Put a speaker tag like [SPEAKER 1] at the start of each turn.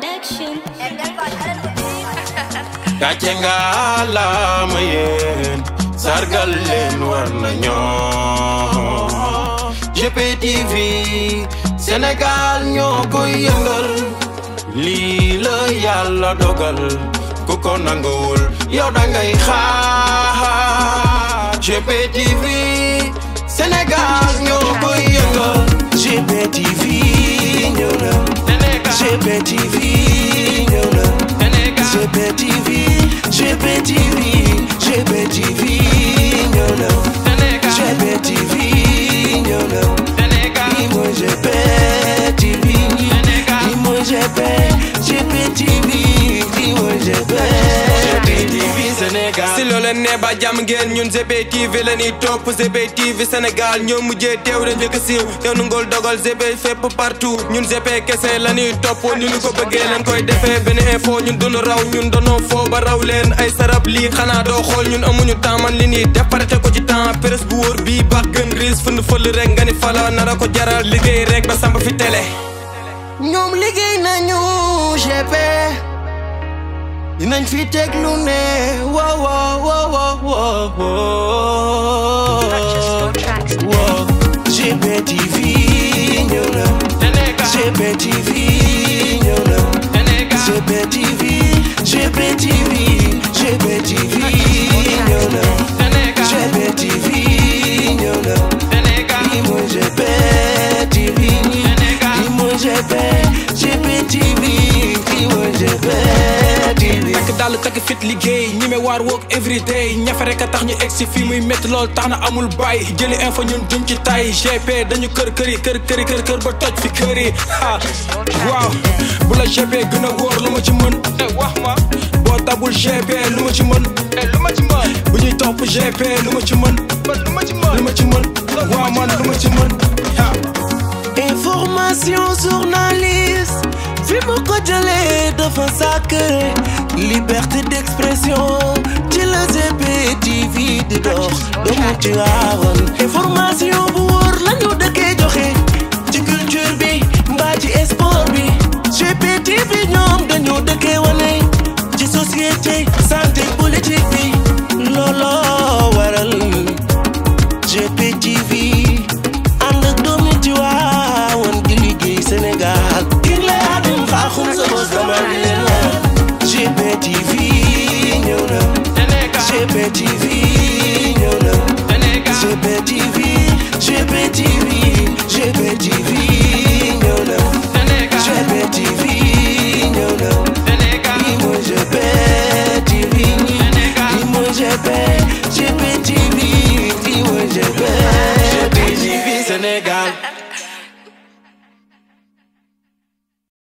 [SPEAKER 1] production.
[SPEAKER 2] gàcce nga laama sargal leen war nañoo. GPTV Sénégal ñoo koy yëngal lii la yàlla dogal ku ko nanguwul yow da
[SPEAKER 1] xaar GPTV Sénégal ñoo koy yëngal GPTV GP TV ñëw na. Sénégal GP TV GP TV.
[SPEAKER 2] leen ne ba jàmm ngeen ñun GB TV la ñuy topp GB TV Sénégal ñoo mujjee teew dañ njëkk siiw teew nu ngol dogal GB fépp partout ñun GB kese la ñuy topp ñu ko bëggee lañ koy defee benn info ñun duñu raw ñun donoo foo ba raw ay sarab lii xanaa doo ñun amuñu temps li ñuy def ko ci temps bu wóor bii baax gën riis fënd fël rek nga ni fala nara ko jaral liggéey rek ba samba fi télé ñoom liggéey nañu GB dinañ fi teg lu ne waaw
[SPEAKER 1] whoa, whoa. Chepe TV, nyona. Chepe TV, nyona. Chepe TV, Chepe TV, Chepe TV, nyona. Chepe TV, nyona. Imo Chepe TV, Imo Chepe, Chepe TV,
[SPEAKER 2] Imo Chepe. dàll takk fit liggéey ñi me waar woog everyday ñafe rek a tax ñu egg si fii muy métti lool tax na amul bàyyi jëli info ñun duñ ci tay GP dañu kër këri kër këri kër kër ba toj fi kër yi waaw bu la GP gën a wóor lu ma ci mën eh, wax ma boo tabul GP lu ma ci mën eh, lu ma ci mën bu ñuy topp GP lu ma ci mën lu ma ci mën lu ma ci mën waaw man lu ma ci mën
[SPEAKER 1] information journaliste fi mu ko jëlee dafa sàkk liberté d'expression ci la GPTV di dox doomu ci waawan information bu wóor lañu dëkkee joxe ci culture bi mbaa ci sport bi GPTV ñoom dañu dëkkee wane ci société GPTV ñëw na GPTV GPTV GPTV ñëw na GPTV ñëw na lii mooy GPTV lii mooy GPTV lii mooy GPTV